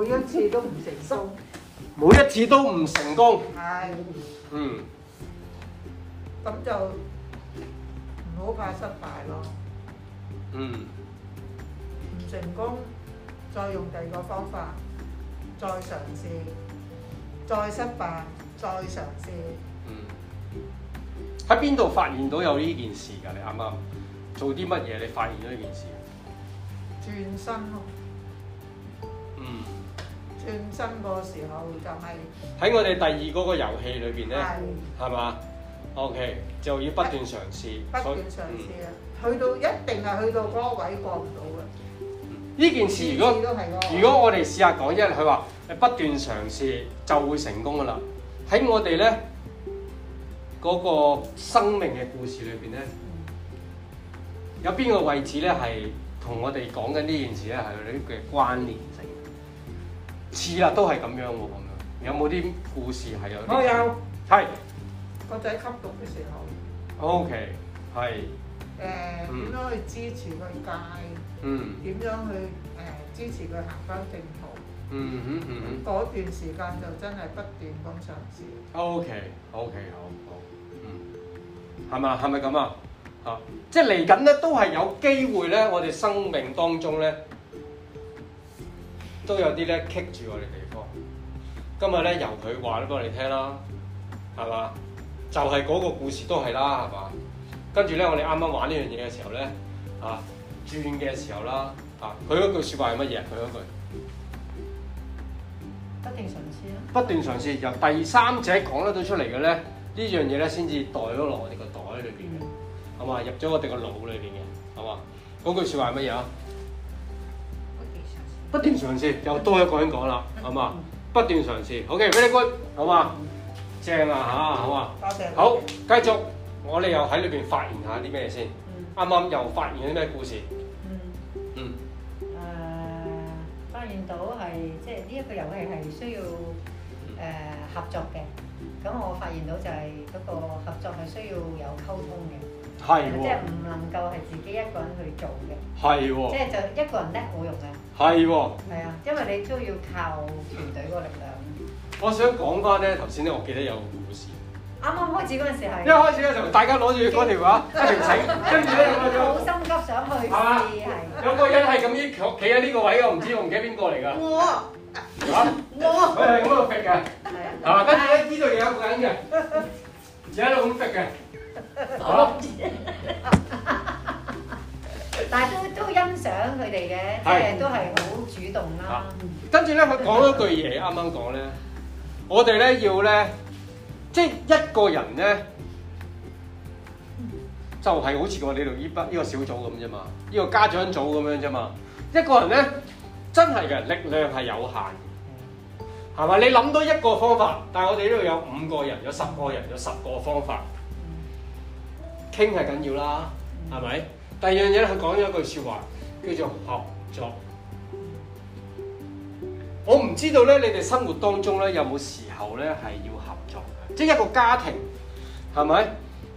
每一次都唔成功，每一次都唔成功。係、哎，嗯，咁就唔好怕失敗咯。嗯，唔成功，再用第二個方法，再嘗試，再失敗，再嘗試。嗯，喺邊度發現到有呢件事噶？你啱啱做啲乜嘢？你發現咗呢件事，轉身咯，嗯。轉身個時候就係、是、喺我哋第二嗰個遊戲裏邊咧，係嘛是？OK，就要不斷嘗試，不斷嘗試啊！以嗯、去到一定係去到嗰個位過唔到嘅。呢件事如果、那個、如果我哋試下講一，佢話誒不斷嘗試就會成功㗎喇。喺我哋咧嗰個生命嘅故事裏邊咧，嗯、有邊個位置咧係同我哋講緊呢件事咧係嗰啲嘅關聯性？似啦，都係咁樣喎，咁樣有冇啲故事係有，有？我有係，係個仔吸毒嘅時候。O K，係。誒點、呃、樣去支持佢戒？嗯。點樣去誒、呃、支持佢行翻正途？嗯哼嗯哼。嗰段時間就真係不斷咁嘗試。O K，O K，好好，好，嗯，係咪？係咪咁啊？啊，即係嚟緊咧，都係有機會咧。我哋生命當中咧。都有啲咧棘住我哋地方。今日咧由佢話返俾我哋聽啦，係嘛？就係、是、嗰個故事都係啦，係嘛？跟住咧我哋啱啱玩呢樣嘢嘅時候咧，啊轉嘅時候啦，啊佢嗰句説話係乜嘢？佢嗰句不，、啊、不斷嘗試啦，不斷嘗試由第三者講得到出嚟嘅咧，呢樣嘢咧先至袋咗落我哋個袋裏邊嘅，係嘛、嗯？入咗我哋個腦裏邊嘅，係嘛？嗰句説話係乜嘢啊？不斷嘗試，又多一個人講啦，係嘛？不斷嘗試，OK，very good，好嘛？正啊嚇，好嘛？多謝。好，繼續，我哋又喺裏邊發現下啲咩先。啱啱又發現咗啲咩故事？嗯嗯。誒，發現到係即係呢一個遊戲係需要誒合作嘅。咁我發現到就係嗰個合作係需要有溝通嘅。係是、哦、即係唔能夠係自己一個人去做嘅。係是、哦、即係就一個人叻冇用嘅。係喎，啊，因為你都要靠團隊嗰個力量。我想講翻咧，頭先咧，我記得有個故事。啱啱開始嗰陣時係。一開始咧就大家攞住嗰條啊一條繩，跟住咧好心急想去試，有個人係咁樣企喺呢個位，我唔知，我唔記得邊個嚟㗎。我嚇我好喺度揈嘅，嚇跟住咧知道有個人嘅，而家喺度揈嘅。好， 但係都都欣賞佢哋嘅，即係是都係好主動啦。跟住咧，佢講咗句嘢，啱啱講咧，我哋咧要咧，即係一個人咧，就係就係好似我哋呢度呢筆呢個小組咁啫嘛，呢個家長組咁樣啫嘛。一個人咧，真係嘅力量係有限，係嘛？你諗到一個方法，但係我哋呢度有五個人，有十個人，有十個方法。傾係緊要啦，係咪？第二樣嘢佢講咗一句說話，叫做合作。我唔知道咧，你哋生活當中咧有冇時候咧係要合作嘅，即係一個家庭，係咪？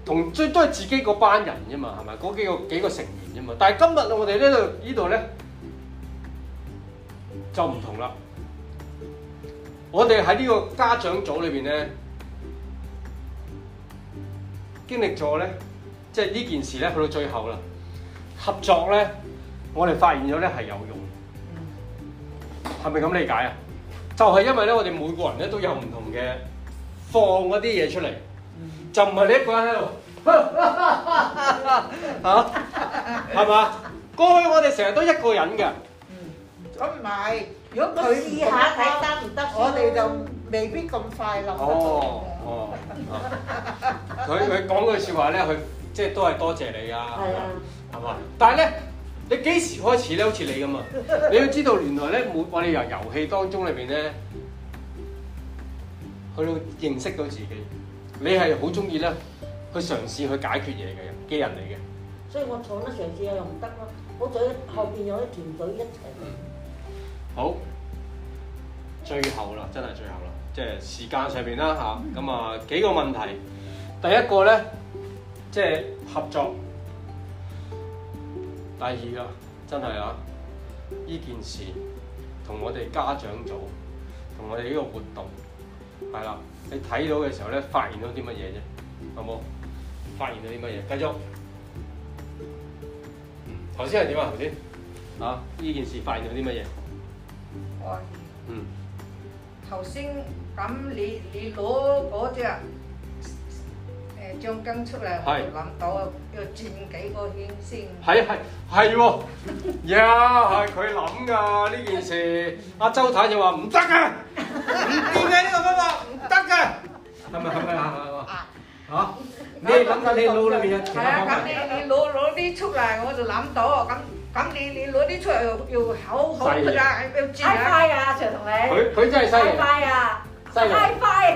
同最多係自己嗰班人啫嘛，係咪？嗰幾個幾個成員啫嘛。但係今日我哋呢度呢度咧，就唔同啦。我哋喺呢個家長組裏邊咧，經歷咗咧。即係呢件事咧，去到最後啦，合作咧，我哋發現咗咧係有用，係咪咁理解啊？就係因為咧，我哋每個人咧都有唔同嘅放嗰啲嘢出嚟，就唔係你一個人喺度，嚇係嘛？過去我哋成日都一個人㗎，咁唔係，如果佢試下睇得唔得，我哋就未必咁快諗。哦哦，佢佢講句説話咧，佢。即係都係多謝你啊，係啊，係嘛？但係咧，你幾時開始咧？好似你咁啊，你要知道原來咧，每我哋由遊戲當中裏邊咧，去到認識到自己，你係好中意咧去嘗試去解決嘢嘅人嘅人嚟嘅。所以我坐得嘗試又唔得咯，好在後邊有啲團隊一齊。嗯，好，最後啦，真係最後啦，即係時間上邊啦吓，咁啊幾個問題，第一個咧。即係合作。第二啊，真係啊，呢件事同我哋家長組同我哋呢個活動係啦，你睇到嘅時候咧，發現到啲乜嘢啫？好冇？發現到啲乜嘢？繼續。頭先係點啊？頭先啊，呢件事發現咗啲乜嘢？係、啊。嗯。頭先咁，你你攞嗰隻。將金出嚟，我就諗到要轉幾個圈先。係係係喎，呀係佢諗噶呢件事。阿周太就話唔得啊，唔掂嘅呢個方法唔得嘅。係咪係咪啊？嚇，你諗到你腦裏邊啊？係啊，咁你你攞攞啲出嚟，我就諗到。咁咁你你攞啲出嚟又又好好㗎，要轉啊！快啊！陳同學，佢佢真係快啊！犀利！太快，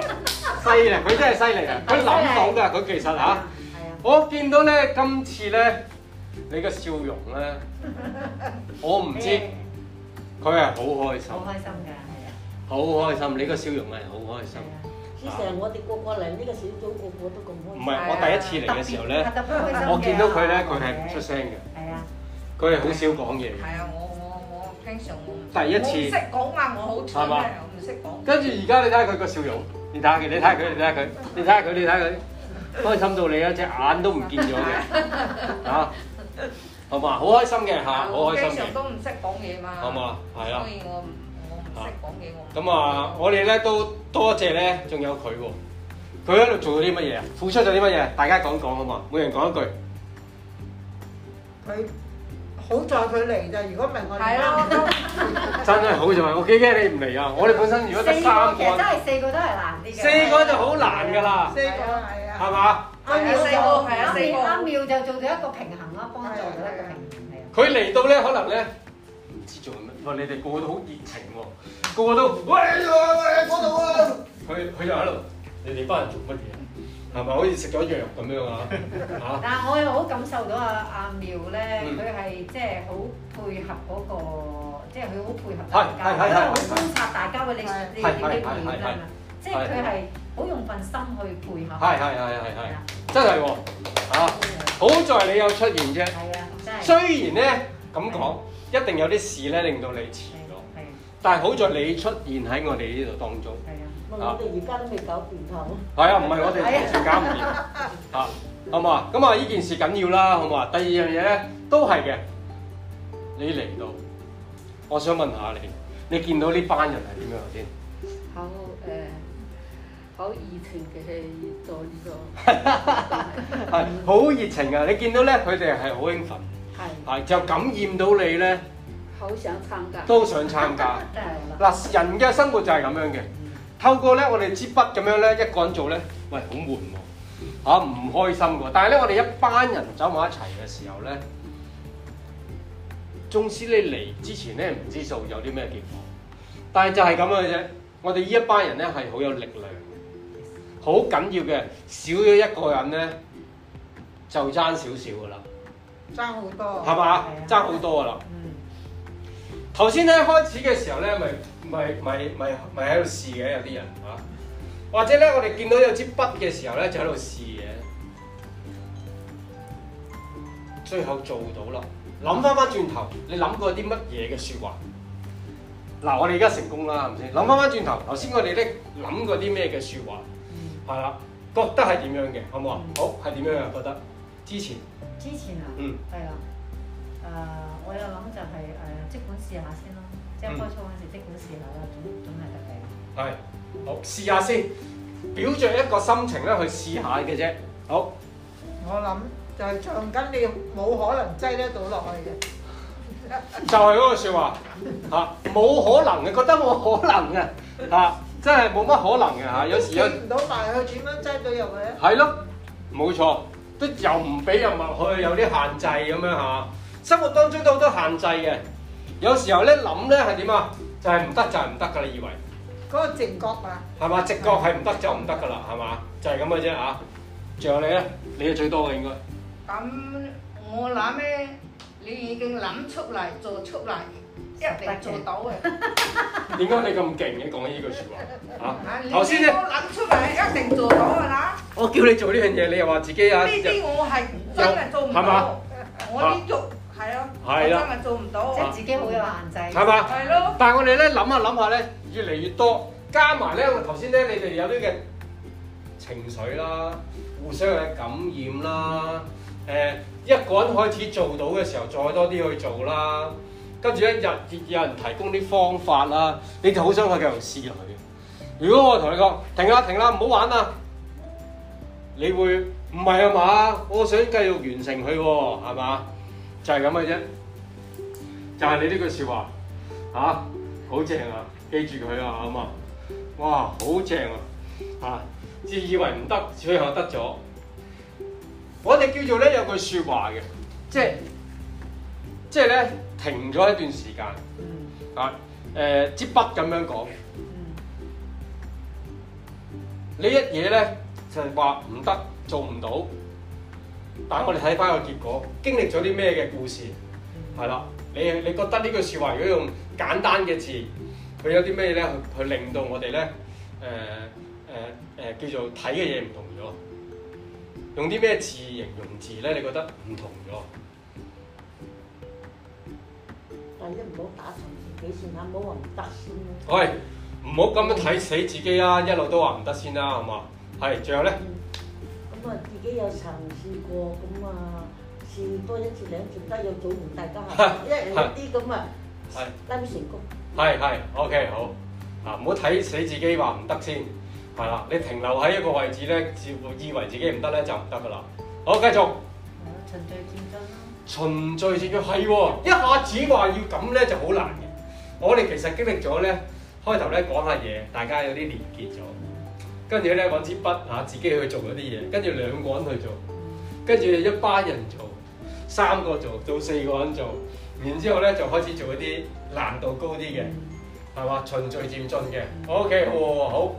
犀利！佢真係犀利啊！佢諗到㗎，佢其實嚇，我見到咧，今次咧，你個笑容咧，我唔知，佢係好開心。好開心㗎，係啊！好開心，你個笑容係好開心。係啊，正常我哋個個嚟呢個小組，個個都咁開心。唔係，我第一次嚟嘅時候咧，我見到佢咧，佢係唔出聲嘅。係啊，佢係好少講嘢。係啊，我我。第一次，唔識講我好蠢嘅，我唔識講。跟住而家你睇下佢個笑容，你睇下佢，你睇下佢，你睇下佢，你睇下佢，開心到你啊！隻眼都唔見咗嘅，嚇，好嘛，好開心嘅嚇，好開心嘅。都唔識講嘢嘛，係嘛，係啦。咁啊，我哋咧都多謝咧，仲有佢喎。佢喺度做咗啲乜嘢？付出咗啲乜嘢？大家講講好嘛？每人講一句。佢。好在佢嚟就，如果唔係我哋真係好就係我幾驚你唔嚟啊！我哋本身如果得三個，其實真係四個都係難啲嘅。四個就好難㗎啦，四個係啊，係嘛？四個係啊，四，三秒就做到一個平衡啦，幫助到一個平衡係啊。佢嚟到咧，可能咧唔知做乜，哇！你哋個個都好熱情喎，個個都喂喂喂，嗰度啊！佢佢就喺度，你哋班人做乜嘢？係咪好似食咗藥咁樣啊？嚇！但係我又好感受到啊啊妙咧，佢係即係好配合嗰個，即係佢好配合大家，都好觀察大家嘅你你點樣啦即係佢係好用份心去配合。係係係係係。真係喎，嚇！好在你有出現啫。係啊，真係。雖然咧咁講，一定有啲事咧令到你遲咗。係。但係好在你出現喺我哋呢度當中。係啊。我哋而家都未搞掂頭。係啊，唔係我哋完全搞唔掂。嚇，好唔好啊？咁啊，呢件事緊要啦，好唔好啊？第二樣嘢咧，都係嘅。你嚟到，我想問下你，你見到呢班人係點樣先？好誒，好熱情嘅，熱助熱助。係，好熱情啊！你見到咧，佢哋係好興奮。係。係就感染到你咧。好想參加。都想參加。嗱，人嘅生活就係咁樣嘅。透過咧，我哋支筆咁樣咧，一個人做咧，喂，好悶喎，唔開心喎。但係咧，我哋一班人走埋一齊嘅時候咧，縱使你嚟之前咧唔知道做有啲咩結果，但係就係咁樣嘅啫。我哋呢一班人咧係好有力量，好緊要嘅，少咗一個人咧就爭少少噶啦，爭好多，係嘛吧，爭好對多噶啦。頭先咧開始嘅時候咧，咪。咪咪咪咪喺度試嘅，有啲人嚇、啊，或者咧我哋見到有支筆嘅時候咧就喺度試嘅，最後做到咯。諗翻翻轉頭，你諗過啲乜嘢嘅説話？嗱、啊，我哋而家成功啦，係咪諗翻翻轉頭，頭先我哋咧諗過啲咩嘅説話？嗯，係啦，覺得係點樣嘅，好唔好啊？嗯、好係點樣嘅覺得？之前，之前啊，嗯，係啊，誒、呃，我有諗就係、是、誒，即、呃、管試下先咯。即係開錯嗰時，即管試下啦，總總係得嘅。係，好試下先，表著一個心情咧去試下嘅啫。好，我諗就係唱緊，你冇可能擠得到落去嘅。就係嗰個説話冇可能嘅，覺得冇可能嘅嚇、啊，真係冇乜可能嘅嚇。 有時有唔到埋去點樣擠到入去咧？係咯，冇錯，都又唔俾人埋去，有啲限制咁樣嚇。生活當中都好多限制嘅。有時候咧諗咧係點啊？就係唔得就係唔得㗎，你以為嗰個直覺啊，係嘛？直覺係唔得就唔得㗎啦，係嘛？就係咁嘅啫嚇。仲有你咧，你係最多嘅應該。咁、嗯、我諗咧，你已經諗出嚟做出嚟，一定做到嘅。點解你咁勁嘅講呢句説話？嚇、啊，頭先咧諗出嚟一定做到啊啦、嗯！我叫你做呢樣嘢，你又話自己啊，呢啲、嗯、我係真係做唔到，我呢的做、啊。係啦，真係做唔到，即係自己好有限制，係嘛？係咯。但係我哋咧諗下諗下咧，越嚟越多，加埋咧，頭先咧你哋有啲嘅情緒啦，互相嘅感染啦，誒、呃，一個人開始做到嘅時候，再多啲去做啦，跟住咧有有人提供啲方法啦，你就好想去繼續試落去。如果我同你講停啦停啦唔好玩啦，你會唔係啊嘛？我想繼續完成佢，啊，係嘛？就係咁嘅啫，就係、是、你呢句説話，嚇、啊、好正啊！記住佢啊，好嘛？哇，好正啊！嚇、啊、自以為唔得，最後得咗。我哋叫做咧有句説話嘅，即係即係咧停咗一段時間，嚇誒執筆咁樣講。一呢一嘢咧就係話唔得，做唔到。等我哋睇翻個結果，經歷咗啲咩嘅故事係啦、嗯？你你覺得呢句説話如果用簡單嘅字，佢有啲咩咧？去去令到我哋咧誒誒誒叫做睇嘅嘢唔同咗，用啲咩字形容字咧？你覺得唔同咗？第一唔好打沉自己先，唔好話唔得先啦。喂，唔好咁樣睇死自己啊！一路都話唔得先啦，好嘛？係、嗯，仲有咧。自己有嘗試過咁啊，試多一次兩次得有早。唔大家， 一啲咁啊，冧樣是成谷。係係，OK 好，嗱，唔好睇死自己話唔得先，係啦，你停留喺一個位置咧，自以為自己唔得咧就唔得噶啦。好，繼續。循序漸進咯。循序漸進係喎，一下子話要咁咧就好難嘅。我哋其實經歷咗咧，開頭咧講下嘢，大家有啲連結咗。跟住咧揾支筆嚇，自己去做嗰啲嘢。跟住兩個人去做，跟住一班人做，三個做，到四個人做。然之後咧就開始做一啲難度高啲嘅，係嘛，循序漸進嘅。OK，好，好，好，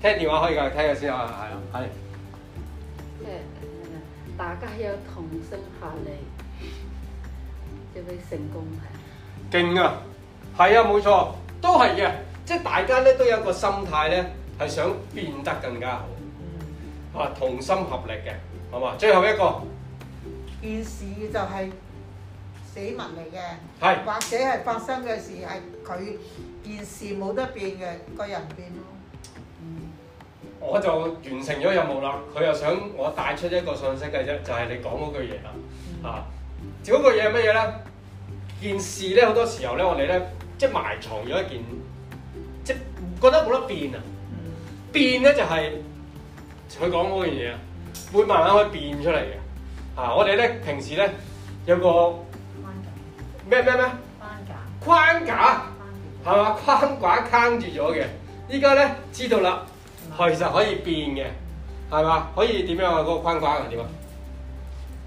聽電話可以㗎，聽下先啊，係啊，係。大家有同心合力就會成功。勁啊！係啊，冇錯，都係嘅。即係大家咧都有一個心態咧。係想變得更加好，啊同心合力嘅，好嘛？最後一個件事就係死物嚟嘅，是或者係發生嘅事係佢件事冇得變嘅，個人變咯。嗯、我就完成咗任務啦。佢又想我帶出一個信息嘅啫，就係、是、你講嗰句嘢啦。嗯、啊，至於嗰句嘢係乜嘢咧？件事咧好多時候咧，我哋咧即係埋藏咗一件，即係覺得冇得變啊！變咧就係佢講嗰樣嘢啊，會慢慢可以變出嚟嘅。啊，我哋咧平時咧有個咩咩咩框架，框架，係嘛，框架坑架住咗嘅。依家咧知道啦，佢就、嗯、可以變嘅，係嘛？可以點樣啊？嗰個框架係點啊？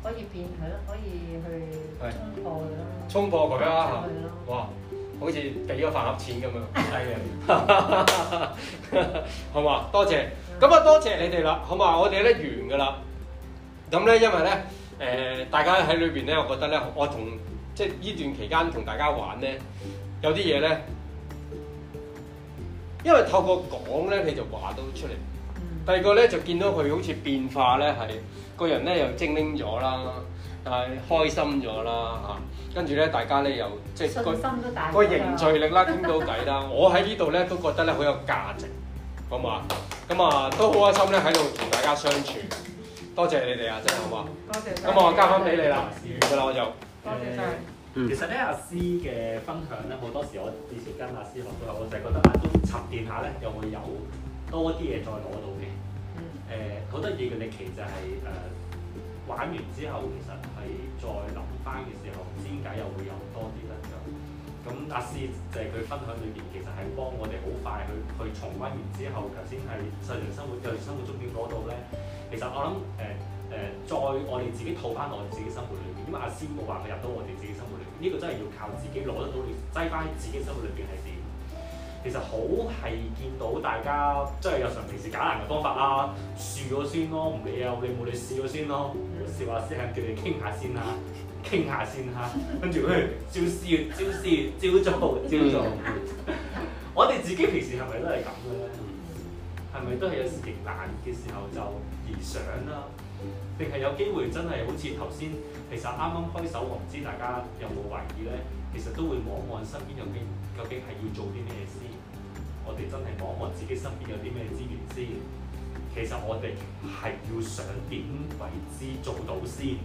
可以變佢，咯，可以去衝破佢咯，衝破佢咯，吧哇！好似俾咗飯盒錢咁樣，係啊，好嘛，多謝，咁啊多謝你哋啦，好嘛，我哋咧完噶啦。咁咧，因為咧，誒、呃，大家喺裏邊咧，我覺得咧，我同即係呢段期間同大家玩咧，有啲嘢咧，因為透過講咧，你就話到出嚟。第二個咧，就見到佢好似變化咧，係個人咧又精靈咗啦。但係開心咗啦嚇，跟住咧大家咧又即係個個凝聚力啦，傾到偈啦， 我喺呢度咧都覺得咧好有價值，好唔好啊？咁啊、嗯、都好開心咧喺度同大家相處，多謝你哋啊，真係好唔好啊？多謝，咁我交翻俾你啦，預啦我就。多謝曬。其實咧阿師嘅分享咧好多時我每次跟阿師學都我就係覺得啊都沉澱下咧又會有多啲嘢再攞到嘅。誒好得意嘅歷奇就係、是、誒。嗯嗯玩完之後，其實係再諗翻嘅時候，見解又會有多啲啦。咁。咁、啊、阿師就係、是、佢分享裏邊，其實係幫我哋好快去去重溫完之後，頭先係日常生活、日常生活中點嗰度咧，其實我諗誒誒再我哋自己套翻落自己生活裏邊，因為阿、啊、師冇話佢入到我哋自己生活裏邊呢、這個真係要靠自己攞得到你擠翻自己生活裏邊係。其實好係見到大家即係日常平時解難嘅方法啦。試咗先咯，唔理啊，你冇你試咗先咯，試下先係叫你傾下先啦，傾下先啦，跟住去照試，照試，照做，照做。我哋自己平時係咪都係咁嘅咧？係咪都係有時勁難嘅時候就而想啦？定係有機會真係好似頭先，其實啱啱開手，我唔知大家有冇懷疑呢？其實都會望一望身邊有啲，究竟係要做啲咩先？我哋真係望一望自己身邊有啲咩資源先。其實我哋係要想點為之做到先。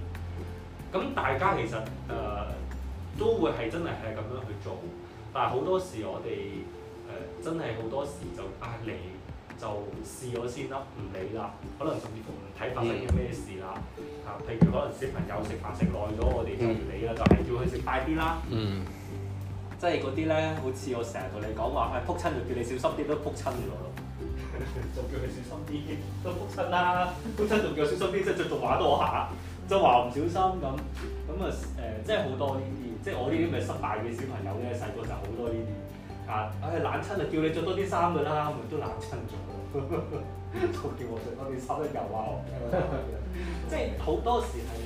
咁大家其實誒、呃、都會係真係係咁樣去做，但係好多時我哋、呃、真係好多時就啊你。就試咗先啦，唔理啦，可能仲要睇發生啲咩事啦。嗯、啊，譬如可能小朋友食飯食耐咗，我哋就唔理啦，就係叫佢食快啲啦。嗯，嗯即係嗰啲咧，好似我成日同你講話，係撲親就叫你小心啲都撲親咗咯。係仲叫佢小心啲，都撲親啦，撲親仲叫小心啲，即係仲話我下，就話唔小心咁咁啊誒，即係好多呢啲，即係我呢啲咪失敗嘅小朋友咧，細個就好多呢啲。啊！唉，冷親就叫你着多啲衫㗎啦，咪都冷親咗，就叫我著多啲衫又話、啊啊啊啊、 即係好多時係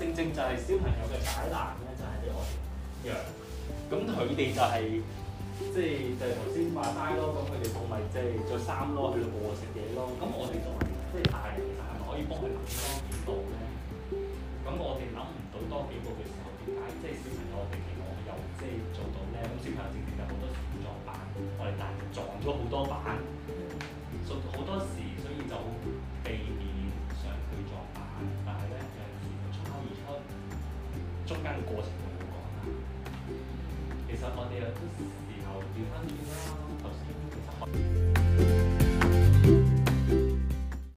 正正就係小朋友嘅解難咧，就係啲外養。咁佢哋就係、是、即係就頭先話曬咯。咁佢哋仲咪即係着衫咯，去外食嘢咯。咁我哋作為即係大人係咪可以幫佢諗多幾步咧？咁我哋諗唔到多幾步嘅時候，點解即係小朋友我哋其實又即係做到咧？咁小朋友我哋撞咗好多板，好多時，所以就避免上去撞板。但係咧，有時衝口而出，中間嘅過程就好講啦。其實我哋有啲時候點樣點